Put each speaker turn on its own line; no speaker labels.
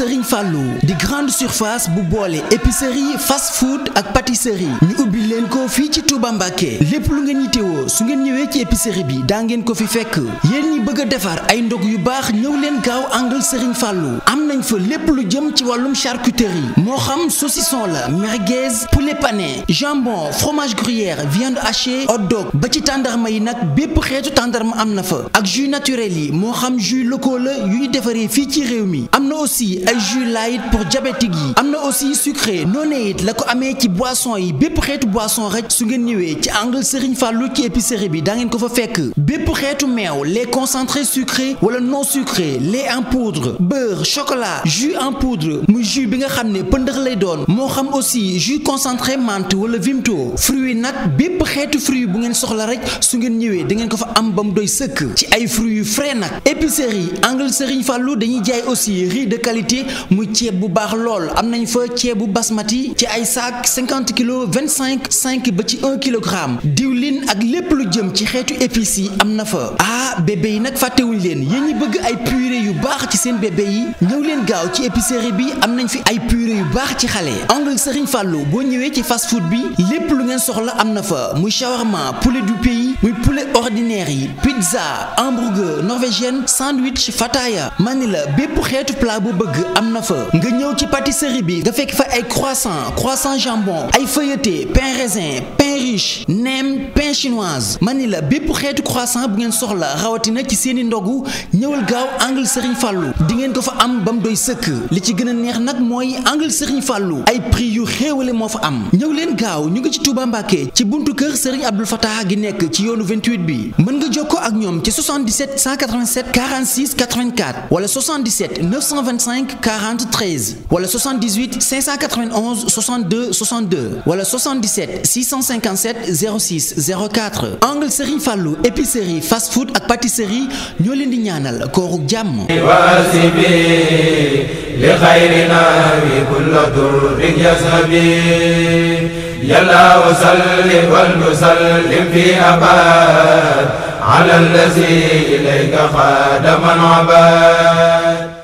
Serigne Fallou di grande surface bu boole épicerie fast food ak pâtisserie ñu ubbi leen ko fii ci Touba Mbacké lépp lu ngeen yittewoo su ngeen ñëwee ci épicerie bi daa ngeen ko fi fekk yéen ñi bëgg a defar ay ndog yu baax ñëw leen gaaw angle Serigne fàllu am nañ fa lépp lu jëm ci wàllum charcuterie moo xam saucisson la merguez poulet pané jambon fromage gruyère viande hachée hot dog ba ci tàndarma yi nag bépp xeetu tàndarma am na fa ak jus naturel yi moo xam jus locaux yu ñu defaree fii ci réew mi ay jus la it pour diabétique yi am na aussi sucré noonee it la ko amee ci boisson yi bépp xeetu boisson rek su ngeen ñëwee ci angle Serigne Fallou ci épicerie bi da ngeen ko fa fekk bépp xeetu meew lait concentré sucré wala non sucré lait en poudre beurre chocolat jus en poudre muy jus bi nga xam ne pëndëx lay doon moo xam aussi jus concentré menthe wala vimto fruit nag bépp xeetu fruit bu ngeen soxla rek su ngeen ñëwee da ngeen ko fa am ba mu sëkk ci ay fruits yu frais nag épicerie yi muy ceeb bu baax lool am nañ fa ceebu basmati ci ay saak cinquante kilos vingt cinq cinq ba ci un kilogramme diwlin ak lépp lu jëm ci xeetu épices yi am na fa ah bébé yi nag fàttewuñ leen yéen ñi bëgg ay purée yu baax ci seen bébé yi ñëw leen gaaw ci épicerie bi am nañ fi ay purée yu baax ci xale angle Serigne Fallou boo ñëwee ci fast food bi lépp lu ngeen soxla am na fa muy shawarma poulet du pays muy poulet ordinaire yi pizza hamburger norvégienne sandwich fataya mani la bépp xeetu plat bu bëgg am na fa nga ñëw ci pâtisserie bi nga fekk fa ay croissant croissant jambon ay feuilleté pain raisin pain riche nem pain chinoise mani la bépp xeetu croissant bu ngeen soxla rawatina ci seeni ndogu ñëwal gaaw angle Serigne Fallou di ngeen ko fa am ba mu doy sëkk li ci gën a neex nag mooy angle Serigne Fallou ay prix yu xéewale moo fa am ñëw leen gaaw ñu ngi ci Touba Mbacké ci buntu kër Serigne Abdou Fatah gi nekk ci yoonu 28 bi mën nga jokkoo ak ñoom ci 77 187 46 84 wala 77 45 43 wala 78 591 62 62 wala 77 657 06 04 angle Serigne Fallou épicerie fast food ak pâtisserie ñoo leen di ñaanal kooru jàmm. يلا وسلم والمسلم في أباد على الذي إليك خادم عباد